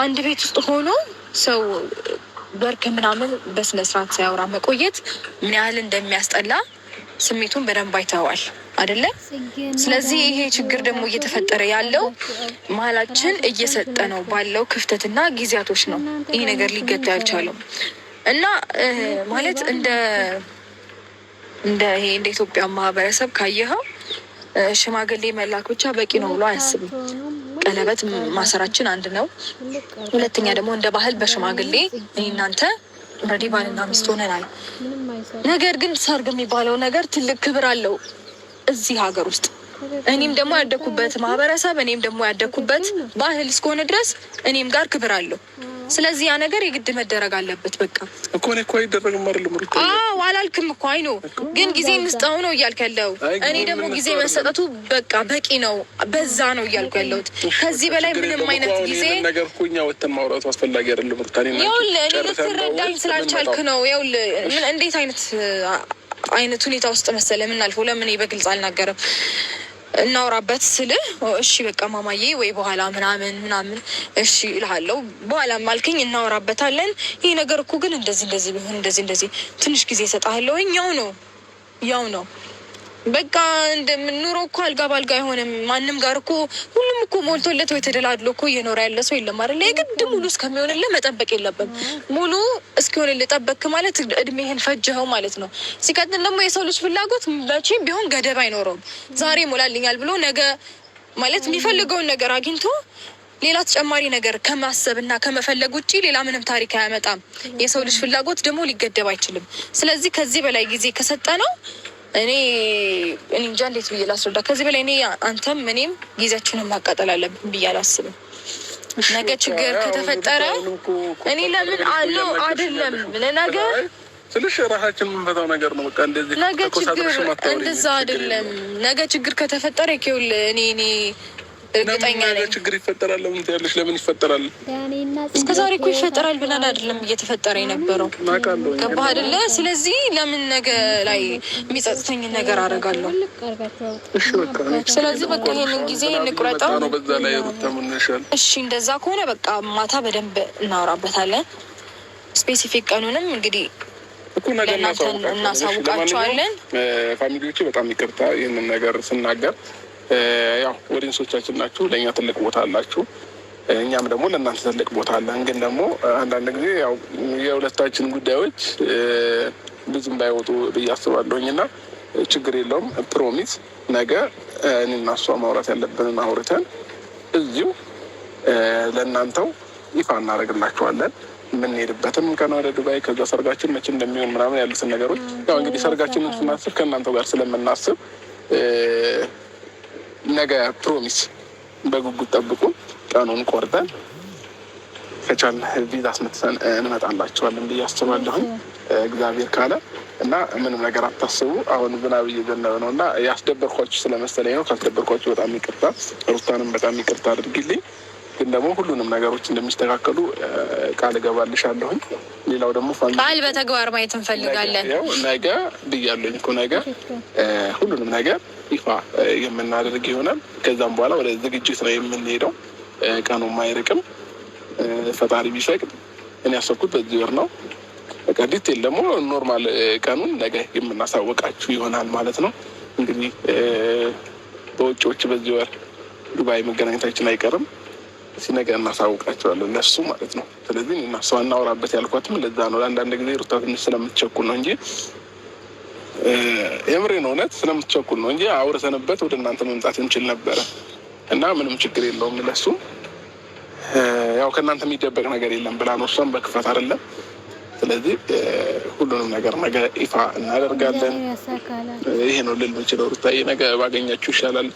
አንድ ቤት ውስጥ ሆኖ ሰው ወርክ ምናምን በስነስርዓት ሳያወራ መቆየት ምን ያህል እንደሚያስጠላ ስሜቱን በደንብ አይተዋል አይደለም ስለዚህ ይሄ ችግር ደግሞ እየተፈጠረ ያለው መሀላችን እየሰጠ ነው ባለው ክፍተትና ጊዜያቶች ነው ይህ ነገር ሊገታ ያልቻለው እና ማለት እንደ እንደ ይሄ እንደ ኢትዮጵያ ማህበረሰብ ካየኸው ሽማግሌ መላክ ብቻ በቂ ነው ብሎ አያስብም። ቀለበት ማሰራችን አንድ ነው። ሁለተኛ ደግሞ እንደ ባህል በሽማግሌ እኔ እናንተ ረዲ ባልና ሚስት ሆነናል። ነገር ግን ሰርግ የሚባለው ነገር ትልቅ ክብር አለው እዚህ ሀገር ውስጥ እኔም ደግሞ ያደኩበት ማህበረሰብ እኔም ደግሞ ያደኩበት ባህል እስከሆነ ድረስ እኔም ጋር ክብር አለው። ስለዚህ ያ ነገር የግድ መደረግ አለበት። በቃ እኮ እኔ እኮ አይደረግም አይደለም አዎ አላልክም እኮ አይኖ ግን ጊዜ እንስጠው ነው እያልክ ያለው። እኔ ደግሞ ጊዜ መሰጠቱ በቃ በቂ ነው፣ በዛ ነው እያልኩ ያለሁት። ከዚህ በላይ ምንም አይነት ጊዜ ነገር እኮ እኛ ወተን ማውራቱ አስፈላጊ አይደለም ይኸውልህ እኔ ልትረዳኝ ስላልቻልክ ነው። ይኸውልህ እንዴት አይነት አይነት ሁኔታ ውስጥ መሰለህ የምናልፈው። ለምን በግልጽ አልናገርም እናውራበት ስልህ እሺ በቃ ማማዬ ወይ በኋላ ምናምን ምናምን እሺ እልሃለሁ። በኋላ ማልከኝ እናውራበታለን። ይህ ነገር እኮ ግን እንደዚህ እንደዚህ ቢሆን እንደዚህ እንደዚህ ትንሽ ጊዜ እሰጥሃለሁ። ያው ነው ያው ነው በቃ እንደምንኖረ እኮ አልጋ ባልጋ አይሆንም። ማንም ጋር እኮ ሁሉም እኮ ሞልቶለት ወይ ተደላድሎ እኮ እየኖረ ያለ ሰው የለም አይደለ? የግድ ሙሉ እስከሚሆንልህ መጠበቅ የለብም። ሙሉ እስኪሆንልህ ጠበቅክ ማለት እድሜህን ፈጀኸው ማለት ነው። ሲቀጥል ደግሞ የሰው ልጅ ፍላጎት መቼም ቢሆን ገደብ አይኖረውም። ዛሬ ሞላልኛል ብሎ ነገ ማለት የሚፈልገውን ነገር አግኝቶ ሌላ ተጨማሪ ነገር ከማሰብ እና ከመፈለግ ውጭ ሌላ ምንም ታሪክ አያመጣም። የሰው ልጅ ፍላጎት ደግሞ ሊገደብ አይችልም። ስለዚህ ከዚህ በላይ ጊዜ ከሰጠ ነው እኔ እኔ እንጃ እንዴት ብዬ ላስረዳ። ከዚህ በላይ እኔ አንተም እኔም ጊዜያችንን ማቃጠል አለብን ብዬ አላስብም። ነገ ችግር ከተፈጠረ እኔ ለምን አለው አይደለም ለነገ ትንሽ ራሳችን የምንፈታው ነገር ነው። በቃ እንደዚህ ነገ ችግር እንደዛ አይደለም። ነገ ችግር ከተፈጠረ ኬውል እኔ እኔ እርግጠኛ ነኝ ችግር ይፈጠራል። ለምን ትያለሽ? ለምን ይፈጠራል? እስከ ዛሬ እኮ ይፈጠራል ብለን አይደለም እየተፈጠረ የነበረው ገባህ አይደለ? ስለዚህ ለምን ነገ ላይ የሚጸጥተኝን ነገር አደርጋለሁ? ስለዚህ በቃ ይሄንን ጊዜ እንቁረጠው። እሺ እንደዛ ከሆነ በቃ ማታ በደንብ እናወራበታለን። ስፔሲፊክ ቀኑንም እንግዲህ እናሳውቃቸዋለን። ፋሚሊዎች በጣም ይቅርታ ይህንን ነገር ስናገር ያው ወዲንሶቻችን ናችሁ፣ ለእኛ ትልቅ ቦታ አላችሁ፣ እኛም ደግሞ ለእናንተ ትልቅ ቦታ አለን። ግን ደግሞ አንዳንድ ጊዜ ያው የሁለታችን ጉዳዮች ብዙም ባይወጡ ብዬ አስባለሁኝ እና ችግር የለውም። ፕሮሚስ ነገ እኔና እሷ ማውራት ያለብንን አውርተን እዚሁ ለእናንተው ይፋ እናደርግላችኋለን። የምንሄድበትም ቀን ወደ ዱባይ፣ ከዛ ሰርጋችን መቼ እንደሚሆን ምናምን ያሉትን ነገሮች ያው እንግዲህ ሰርጋችንን ስናስብ ከእናንተው ጋር ስለምናስብ ነገ ፕሮሚስ በጉጉት ጠብቁ። ቀኑን ቆርጠን ከቻል ቪዛ አስመትተን እንመጣላቸዋለን ብዬ አስባለሁኝ እግዚአብሔር ካለ እና ምንም ነገር አታስቡ። አሁን ዝናብ እየዘነበ ነው እና ያስደበርኳችሁ ስለመሰለኝ ነው። ካስደበርኳችሁ በጣም ይቅርታ፣ ሩታንም በጣም ይቅርታ አድርጊልኝ። ግን ደግሞ ሁሉንም ነገሮች እንደሚስተካከሉ ቃል እገባልሻለሁኝ። ሌላው ደግሞ ቃል በተግባር ማየት እንፈልጋለን። ነገ ብያለኝ እኮ ነገ ሁሉንም ነገር ይፋ የምናደርግ ይሆናል። ከዛም በኋላ ወደ ዝግጅት ነው የምንሄደው። ቀኑም አይርቅም፣ ፈጣሪ ቢፈቅድ። እኔ ያሰብኩት በዚህ ወር ነው። በቃ ዲቴል ደግሞ ኖርማል ቀኑን ነገ የምናሳወቃችሁ ይሆናል ማለት ነው። እንግዲህ በውጭዎች በዚህ ወር ዱባይ መገናኘታችን አይቀርም። ሲነገር እናሳውቃቸዋለን እነሱ ማለት ነው። ስለዚህ እና ሰው እናወራበት ያልኳትም ለዛ ነው። ለአንዳንድ ጊዜ ሩታ ትንሽ ስለምትቸኩል ነው እንጂ የምሬን እውነት ስለምትቸኩል ነው እንጂ አውርተንበት ወደ እናንተ መምጣት እንችል ነበረ እና ምንም ችግር የለውም ለሱ ያው ከእናንተ የሚደበቅ ነገር የለም ብላ ነው እሷም በክፋት አይደለም። ስለዚህ ሁሉንም ነገር ነገ ይፋ እናደርጋለን። ይሄ ነው ልል ምችለው። ሩታዬ ነገ ባገኛችሁ ይሻላል።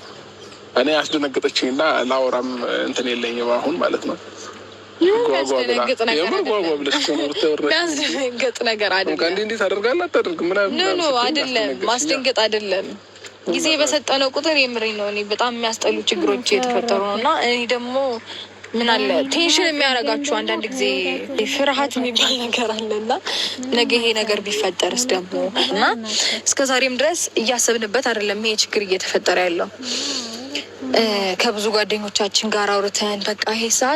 እኔ አስደነገጠችኝ እና ላወራም እንትን የለኝም አሁን ማለት ነው። ያስደነግጥ ነገር አይደለም። እንዴት አደርጋለሁ አታደርግም ምናምን አይደለም። ማስደንገጥ አይደለም። ጊዜ በሰጠነው ቁጥር የምሬ ነው። እኔ በጣም የሚያስጠሉ ችግሮች የተፈጠሩ ነው እና እኔ ደግሞ ምን አለ ቴንሽን የሚያደርጋችሁ አንዳንድ ጊዜ ፍርሃት የሚባል ነገር አለ እና ነገ ይሄ ነገር ቢፈጠርስ ደግሞ እና እስከ ዛሬም ድረስ እያሰብንበት አይደለም ይሄ ችግር እየተፈጠረ ያለው ከብዙ ጓደኞቻችን ጋር አውርተን በቃ ይሄ ሰዓት